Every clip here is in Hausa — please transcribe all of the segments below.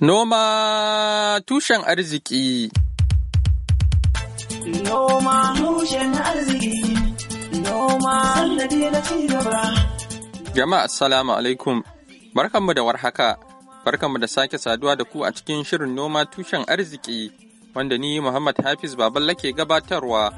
Noma tushen arziki. Noma tushen arziki. Noma sallade na cigaba. Jama'a assalamu alaikum. Barkanmu da warhaka. Barkanmu da sake saduwa da ku a cikin shirin noma tushen arziki wanda ni Muhammad Hafiz Baballa ke gabatarwa.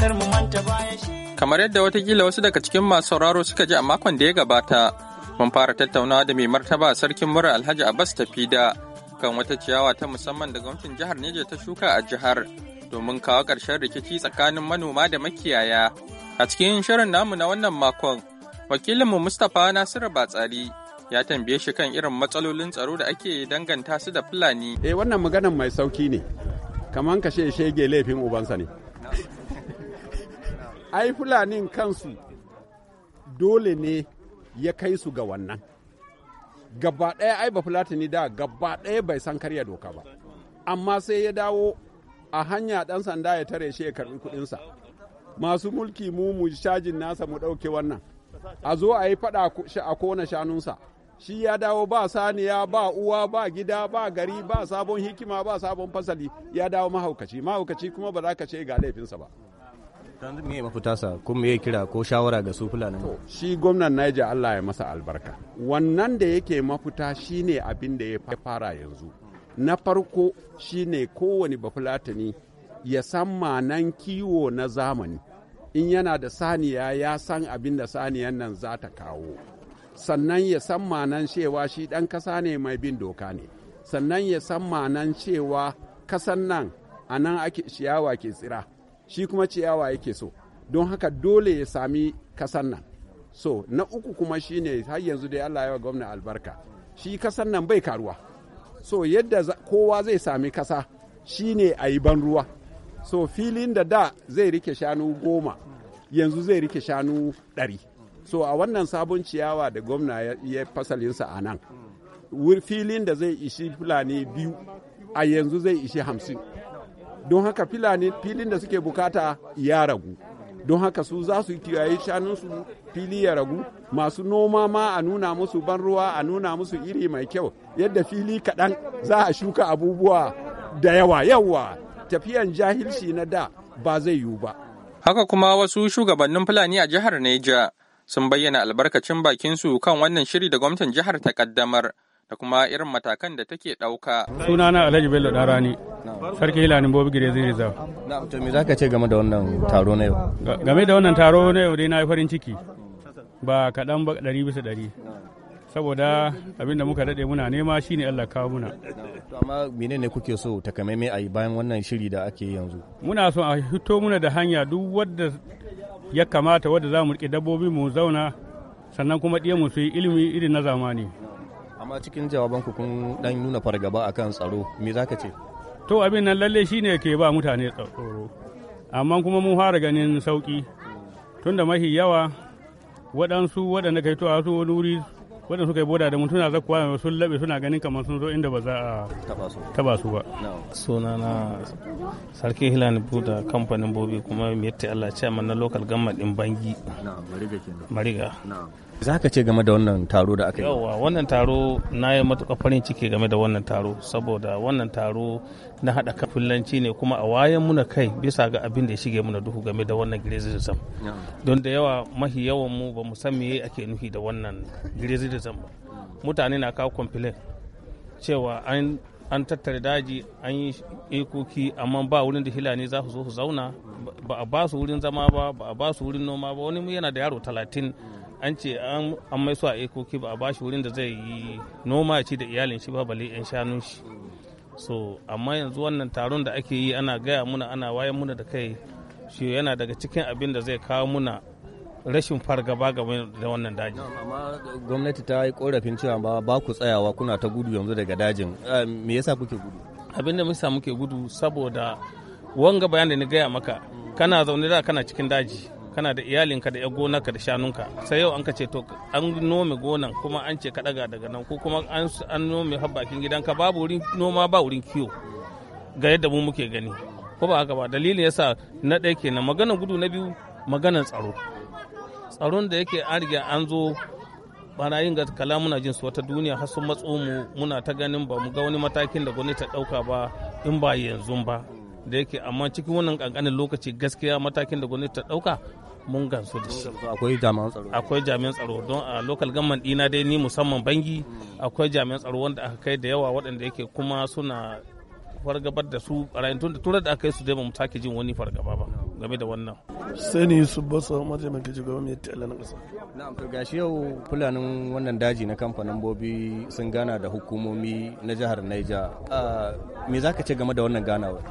Kar mu manta baya shi. Kamar yadda watakila wasu daga cikin masu sauraro suka ji a makon da ya gabata, mun fara tattaunawa da mai martaba sarkin mura Alhaji Abbas Tafida kan wata ciyawa ta musamman da gwamnatin jihar Neja ta shuka a jihar domin kawo ƙarshen rikici tsakanin manoma da makiyaya. A cikin shirin namu na wannan makon, wakilinmu Mustapha Nasiru Batsari ya tambaye shi kan irin matsalolin tsaro da ake danganta su da Fulani. Eh wannan maganan mai sauki ne, kamar ka shege laifin ubansa ne. ai fulanin kansu dole ne ya kai su ga wannan gaba ɗaya ai ba fulatani da gaba ɗaya bai san karya doka ba amma sai ya dawo a hanya ɗan sanda ya tare shi ya karɓi kuɗinsa masu mulki mu mu shajin nasa mu ɗauke wannan a zo a yi faɗa a kona shanunsa shi ya dawo ba saniya ba uwa ba gida ba gari ba sabon hikima ba sabon fasali ya dawo mahaukaci mahaukaci kuma ba za ka ce ga laifinsa ba Tanzu me mafutasa me kira ko shawara ga su Fulani? Shi gwamnan Niger Allah ya masa albarka. Wannan da yake mafuta shine abin da ya fara yanzu. Na farko shine kowane bafulatani ya san manan kiwo na zamani. In yana da saniya ya san abin da saniyan nan za ta kawo. Sannan ya san manan cewa shi dan kasa ne mai bin doka ne. Sannan ya san manan cewa kasan nan a nan ake ciyawa ke tsira. shi kuma ciyawa yake so don haka dole ya sami kasan nan so na uku kuma shine har yanzu dai Allah ya wa gwamna albarka shi kasan nan bai karuwa so yadda kowa zai sami kasa shine a yi ban ruwa so filin da da zai rike shanu goma yanzu zai rike shanu ɗari so a wannan sabon ciyawa da gwamna ya fasalinsa a nan filin da zai ishi fulani biyu a yanzu zai ishi hamsin don haka filani filin da suke bukata ya ragu don haka su za su kiyaye shanunsu fili ya ragu masu noma ma a nuna musu ban ruwa a nuna musu iri mai kyau yadda fili kaɗan za a shuka abubuwa da yawa yawa tafiyan jahilci na da ba zai yiwu ba haka kuma wasu shugabannin fulani a jihar neja sun bayyana albarkacin bakinsu kan wannan shiri da gwamnatin jihar ta kaddamar da kuma irin matakan da take ɗauka. Sunana Alhaji Bello Darani, Sarki Hilanin Bobi Girezin Rizal. To me zaka ce game da wannan taro na yau? Game da wannan taro na yau dai na yi farin ciki. Ba kaɗan ba ɗari bisa ɗari. Saboda abin da muka daɗe muna nema shine Allah kawo muna. Amma mene ne kuke so takamaimai a yi bayan wannan shiri da ake yanzu? Muna so a hito muna da hanya duk wadda ya kamata wadda za mu riƙe dabbobi mu zauna sannan kuma ɗiyan mu su yi ilimi irin na zamani. amma cikin ku kun dan nuna fargaba akan tsaro me za ka ce to abin nan lalle shine ke ba mutane tsaro amma kuma mun fara ganin sauki tunda mahi yawa waɗansu waɗanda kai to su wani wuri waɗansu kai boda da mutuna zakuwa sun laɓe suna ganin kamar sun zo inda ba za a taba su ba. suna na sarki hilani buda kamfanin bobi kuma mai Allah ce na local government ɗin bangi mariga Za ka ce game da wannan taro da aka yi? Yawwa wannan taro na yi matuƙa farin ciki game da wannan taro saboda wannan taro na haɗa kafilanci ne kuma a wayan muna kai bisa ga abin da ya shige muna duhu game da wannan grazism. Don da yawa mahi yawan mu ba mu san me ake nufi da wannan grazism ba. Mutane na kawo complain cewa an an tattara daji an yi ikoki amma ba wurin da hilani za su zo su zauna ba a ba su wurin zama ba ba a ba su wurin noma ba wani mu yana da yaro talatin an ce an mai a ekoki ba a bashi wurin da zai yi noma ci da iyalin shi ba bale yan shanun shi so amma yanzu wannan taron da ake yi ana gaya muna ana wayan muna da kai shi yana daga cikin abin da zai kawo muna rashin fargaba game da wannan daji. amma gwamnati ta yi korafin cewa ba ba ku tsayawa kuna ta gudu yanzu daga dajin eh, me yasa kuke gudu abin da muke muke gudu saboda wanga bayan da ni gaya maka kana zaune da kana cikin daji kana da iyalinka da gona ka da shanunka sai yau an ka ce to an nome gonan kuma an ce ka daga daga nan ko kuma an nome har bakin gidanka babu wurin noma ba wurin kiwo ga yadda mu muke gani ko ba haka ba dalilin yasa na ɗaya kenan maganar gudu na biyu maganar tsaro tsaron da yake an riga an zo barayin ga kala muna jin su wata duniya har sun matso mu muna ta ganin ba mu ga wani matakin da gwamnati ta ɗauka ba in ba yanzu ba da yake amma cikin wannan kankanin lokaci gaskiya matakin da gwamnati ta dauka mun gansu da shi akwai jami'an tsaro akwai jami'an tsaro don a local government dina dai ni musamman bangi akwai jami'an tsaro wanda aka kai da yawa waɗanda yake kuma suna fargabar da su barayin tun da turar da aka yi su dai ba mu take jin wani fargaba ba game da wannan ni su basa mataimakin shugaban mai tala na ƙasa na'am to gashi yau fulanin wannan daji na kamfanin bobi sun gana da hukumomi na jihar Niger ah, me zaka ce game da wannan ganawar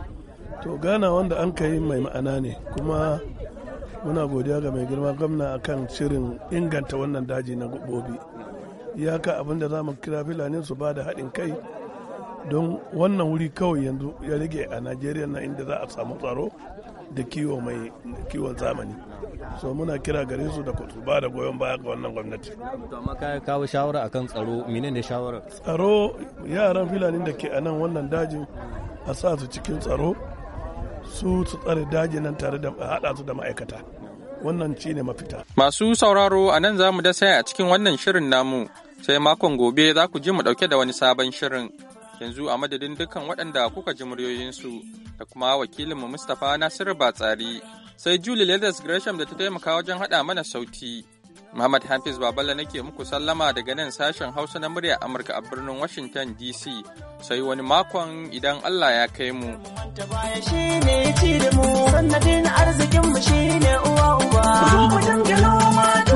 to gana wanda an kai mai ma'ana ne kuma muna godiya ga mai girma gwamna akan shirin inganta wannan daji na gobobi iyaka abin da za mu kira filanin su ba da haɗin kai don wannan wuri kawai yanzu ya rage a najeriya na inda za a samu tsaro da kiwo mai kiwon zamani so muna kira gare su da su ba da goyon baya ga wannan gwamnati to amma kawo shawara akan tsaro shawara tsaro yaran filanin da ke a nan wannan dajin a sa su cikin tsaro su su tsare daji nan tare da haɗa su da ma'aikata wannan ci ne mafita. Masu sauraro a nan za mu da sai a cikin wannan shirin namu sai makon gobe za ku ji mu ɗauke da wani sabon shirin. Yanzu a madadin dukkan waɗanda kuka ji muryoyinsu da kuma wakilinmu Mustapha Nasiru Batsari sai Julie Leathers Gresham da ta taimaka wajen haɗa mana sauti. Muhammad Hafiz Baballa nake muku sallama daga nan sashen Hausa na murya Amurka a birnin Washington DC sai wani makon idan Allah ya kai mu. arzikinmu shine uwa